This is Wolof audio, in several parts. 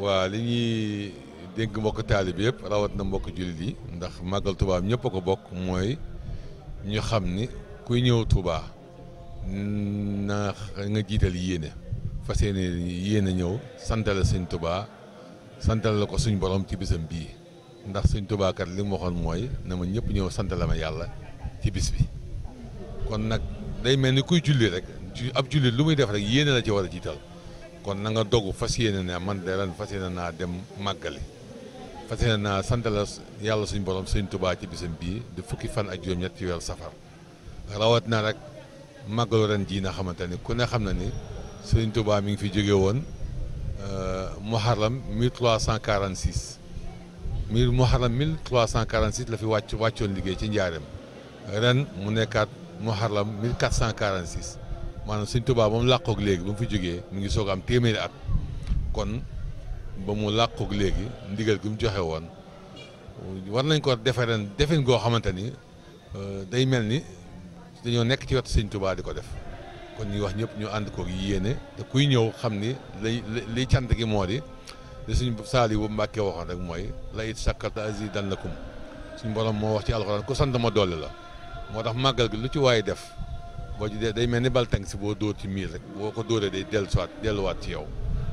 waa li ñuy dégg mbokk taalib yëpp rawat na mbokk jullit yi ndax màggal tubaab ñëpp ko bokk mooy ñu xam ni kuy ñëw Tuubaa na nga jiital yéene fas yéene yéene ñëw santale sëñ tubaa santale la ko suñ borom ci bisam bii ndax sëñ tubaakat kat li mu waxoon mooy na ma ñëpp ñëw santale ma yàlla ci bis bi kon nag day mel ni kuy julli rek ab jullit lu muy def rek yéene la ci war a jiital kon na nga dogu fas yéene ne man de ren fas yéene naa dem màggali fas yéene naa sant yàlla suñ borom sëñ Tuubaa ci bisam bii di fukki fan ak juróom-ñett ci weeru safar rawat na rek màggalu ren jii nga xamante ni ku ne xam na ni sëñ Tuubaa mi ngi fi jóge woon euh, muharram 1346 mille muharram 1346 la fi wàcc wàccoon liggéey ci njaareem ren mu nekkaat muharram 1446 maanaam sëñ Tuubaa ba mu làqoog léegi ba mu fi jógee mu ngi soog am téeméeri at kon ba mu làqoog léegi ndigal gi mu joxe woon war nañ ko defareen defin goo xamante ni euh, day mel ni dañoo nekk ci wetu sëñ Tuubaa di ko def kon ñuy wax ñëpp ñu ànd koog yéene te kuy ñëw xam ni lay liy cant gi moo di li suñ Saaliw bu Mbàkke waxoon rek mooy la it sakkarta azidannakum suñ borom moo wax ci alxuraan ku sant ma dolli la moo tax màggal gi lu ci waaye def boo ci dee day mel ni bal tàng si boo dóor ci miir rek boo ko dóoree day dellusiwaat delluwaat ci yow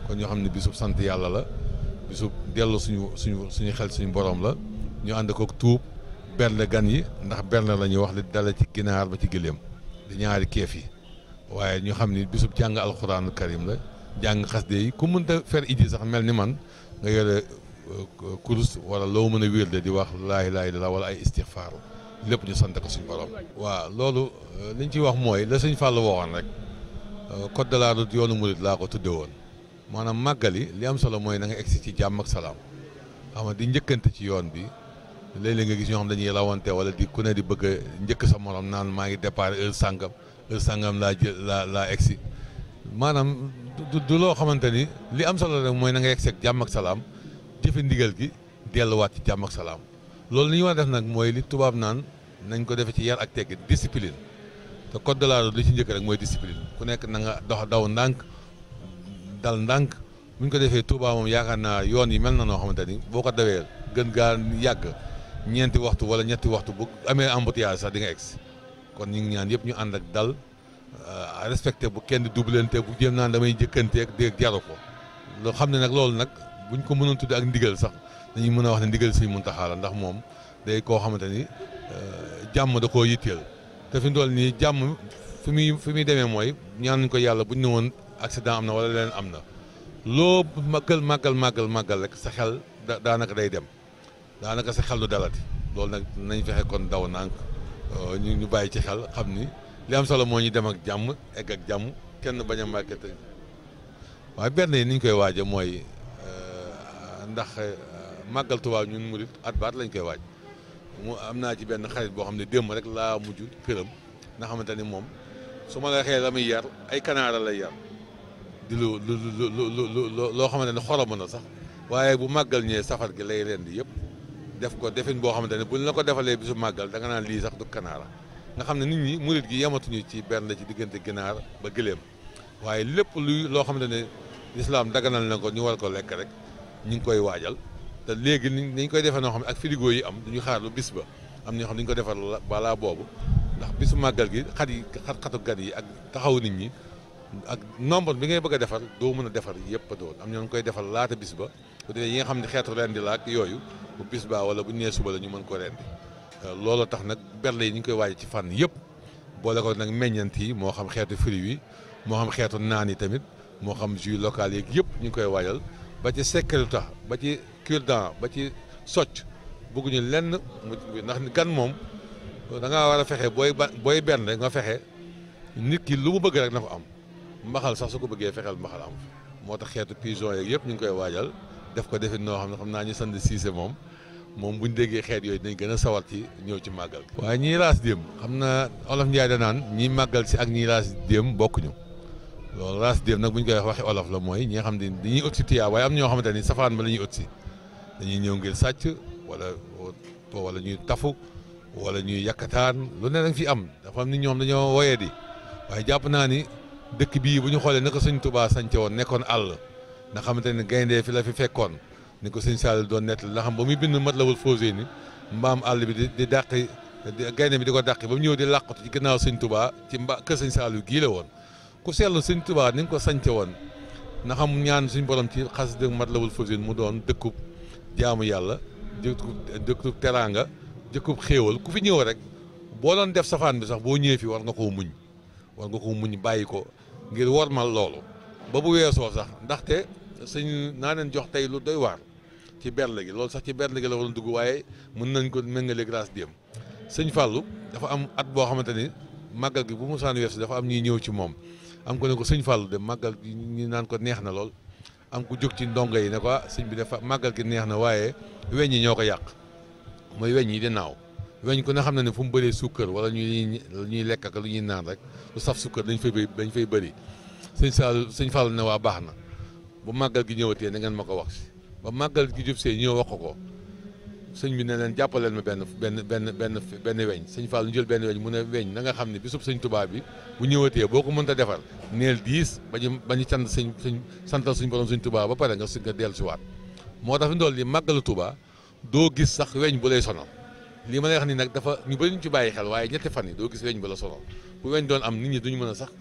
kon ñoo xam ne bisub sant yàlla la bisub dellu suñu suñu suñu xel suñu boroom la ñu ànd ko tuub bernde gan yi ndax bernde la ñuy wax li dala ci ginaar ba ci gëléem di ñaari keef yi waaye ñu xam ni bisub jàng alxuraanu karim la jàng xas xasde yi ku mënta fer iji sax mel ni man nga yore euh, kurus wala loo mën a wér de di wax laa ilaaha la wala ay istixfaar lépp ñu sant ko suñu borom. waaw loolu euh, li ñu ciy wax mooy la sëñ Fallou waxoon rek euh, code de la route yoonu murid laa ko tudde woon maanaam màggali li am solo mooy na nga egsi ci jàmm ak salaam xam nga di njëkkante ci yoon bi léeg nga gis ñoo xam dañuy rawante wala di ku ne di bëgg a sa morom naan maa ngi départ heure sàngam sàngam laa jël laa laa egsi maanaam du loo xamante ni li am solo rek mooy na nga egsi ak jàmm ak salaam jëfe ndigal gi delluwaat ci jàmm ak salaam. loolu li ñu war def nag mooy li tubaab naan nañ ko defe ci yar ak tekki discipline te code de la li ci njëkk rek mooy discipline ku nekk na nga dox daw ndànk dal ndànk bu ñu ko defee Touba moom yaakaar naa yoon yi mel na noo xamante ni boo ko dawee gën gaa yàgg ñeenti waxtu wala ñetti waxtu bu amee embouteillage sax di nga egsi kon ñu ngi ñaan yëpp ñu ànd ak dal euh, respecté bu kenn dublente bu jéem naan damay jëkkanteeg dégg jaru ko loo xam ne nag loolu nag buñ ko mënoon tudde ak sax. dañuy mën a wax ne ndigal sëñ Muntaxa la ndax moom day koo xamante ni euh, jàmm da koo yitteel te fi mu toll nii jàmm fi muy fi muy demee mooy ñaan ñaanuñ ko yàlla buñ ne woon accident am na wala leneen am na loo màggal màggal màggal màggal rek sa xel daanaka day dem daanaka sa xel du dalati loolu nag nañ fexe kon daw nànk euh, ñu ñu bàyyi ci xel xam ni li am solo moo ñu dem ak jàmm egg ak jàmm kenn bañ a màgget waaye benn yi ni koy waaja mooy euh, ndax. màggal Tuubaa ñun murit at baat lañ koy waaj mu am naa ci benn xarit boo xam ne démb rek laa mujj këram nga xamante ni moom su ma la xee la muy yar ay kanaara lay yar di lu lu lu lu loo xamante ne xorom na sax waaye bu màggal ñëwee safar gi lay rend yëpp def ko defin boo xamante ne buñ la ko defalee bi su màggal da nga lii sax du kanaara nga xam ne nit ñi murit gi yematuñu ci benn ci diggante ganaar ba gëléem waaye lépp luy loo xamante ne lislaam daganal na ko ñu war ko lekk rek ñu ngi koy waajal te léegi niñ koy defee noo xam ne ak frigo yi am duñu xaar lu bis ba am na ñoo xam ne ko defar balaa boobu ndax bisu màggal gi xat yi xat xatu gan yi ak taxaw nit ñi ak nombre bi ngay bëgg a defar doo mën a defar yëpp a doon am ñoo koy defar laata bis ba bu dee yi nga xam ne xeetu rendi la ak yooyu bu bis baa wala bu nee suba la ñu mën ko rendi euh, loolu tax nag berle yi ñu koy waaj ci fànn yëpp boole ko nag meññant yi moo xam xeetu fruit yi moo xam xeetu naan yi tamit moo xam jus local yeeg yëpp ñu ngi koy waajal ba ci sécurité ba cure-dent ba ci socc bëgguñu lenn mu ndax gan moom da war a fexe booy ba booy benn rek nga fexe nit ki lu mu bëgg rek na ko am mbaxal sax su ko bëggee fexeel mbaxal am moo tax xeetu pigeon yëpp ñu ngi koy waajal def ko defit noo xam ne xam naa ñu sant siise moom moom buñ déggee xeet yooyu dinañ gën a sawar ci ñëw ci màggal waaye ñii raas déem xam na olof Njaay da naan ñii màggal si ak ñii raas déem bokkuñu loolu raas déem nag bu ñu koy wax waxi olof la mooy ñi nga xam ne dañuy ut si tuyaa waaye am ñoo xamante ni safaan ba la ñuy ut si dañuy ñëw ngir sàcc wala wala ñuy tafu wala ñuy yakkataan lu ne lañ fi am dafa am ni ñoom dañoo woyee di waaye jàpp naa ni dëkk bii bu ñu xoolee naka sëñ tubaa sance woon nekkoon àll nga xamante ne gayndee fi la fi fekkoon ni ko sëñ Saliou doon nettali nga xam ba muy bind Matlabul Fawzayni mbaam àll bi di di dàqi gaynde bi di ko dàqi ba mu ñëw di làqatu ci gannaaw sëñ Touba ci mba kër sëñ saalu gii la woon ku seetlu sëñ Touba ni nga ko sance woon na xam ñaan suñ borom ci xas dëgg Matlabul Fawzayni mu doon dëkkub jaamu yàlla dëkkub dëkkub teraanga dëkkub xéewal ku fi ñëw rek boo doon def safaan bi sax boo ñëwee fi war nga koo muñ war nga koo muñ bàyyi ko ngir wormal loolu ba bu weesoo sax ndaxte sëñ naa leen jox tey lu doy waar ci berle gi loolu sax ci berle gi la waroon dugg waaye mën nañ ko méngale grâce diem sëñ fàllu dafa am at boo xamante ni màggal gi bu mu saan weesu dafa am ñuy ñëw ci moom am ko ne ko sëñ fàllu de màggal gi ñu naan ko neex na lool am ku jóg ci ndongo yi ne ko ah, sëñ bi dafa màggal gi neex na waaye weñ yi ñoo ko yàq mooy weñ yi di naaw weñ ko ne xam na ne fu mu bëree sukkër wala ñuy ñuy lekk ak lu ñuy naan rek lu saf sukkër dañ fay dañ fay bëri sëñ Sall sëñ Fall ne waa baax na bu màggal gi ñëwatee na ngeen ma ko wax si ba màggal gi jub see ñëw wax ko sëñ bi ne leen jàppaleen ma benn benn benn benn benn weñ sëñ Fall ñu jël benn weñ mu ne weñ nanga nga xam ne bisub sëñ Tuubaa bi bu ñëwatee boo ko mënta defar neel diis ba ñu ba ñu sant sëñ sëñ santal suñ borom sëñ Tuubaa ba pare nga si nga dellu si waat moo dafa fi ndool li màggalu Tuubaa doo gis sax weñ bu lay sono li ma lay wax ni nag dafa ñu bëri ñu ci bàyyi xel waaye ñetti fan yi doo gis weñ bu la sonal bu weñ doon am nit ñi duñu mën a sax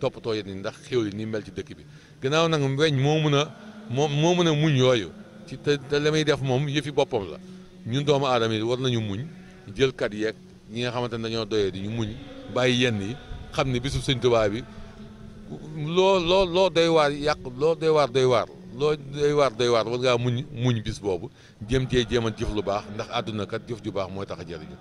toppatoo yéen ñi ndax xéw li ni ci dëkk bi gannaaw nag weñ moo mën a moo moo mën a muñ yooyu ci te te def moom yëfi boppam la ñun doomu aadama yi war nañu muñ jëlkat yeeg ñi nga xamante ne dañoo doyee di ñu muñ bàyyi yenn yi xam ne bisu sëñ Tuubaa bi loo loo loo doy waar yàq loo doy waar doy waar loo doy waar doy waar war ngaa muñ muñ bis boobu jéem cee jéem a jëf lu baax ndax àdduna kat jëf ju baax mooy tax a jëriñu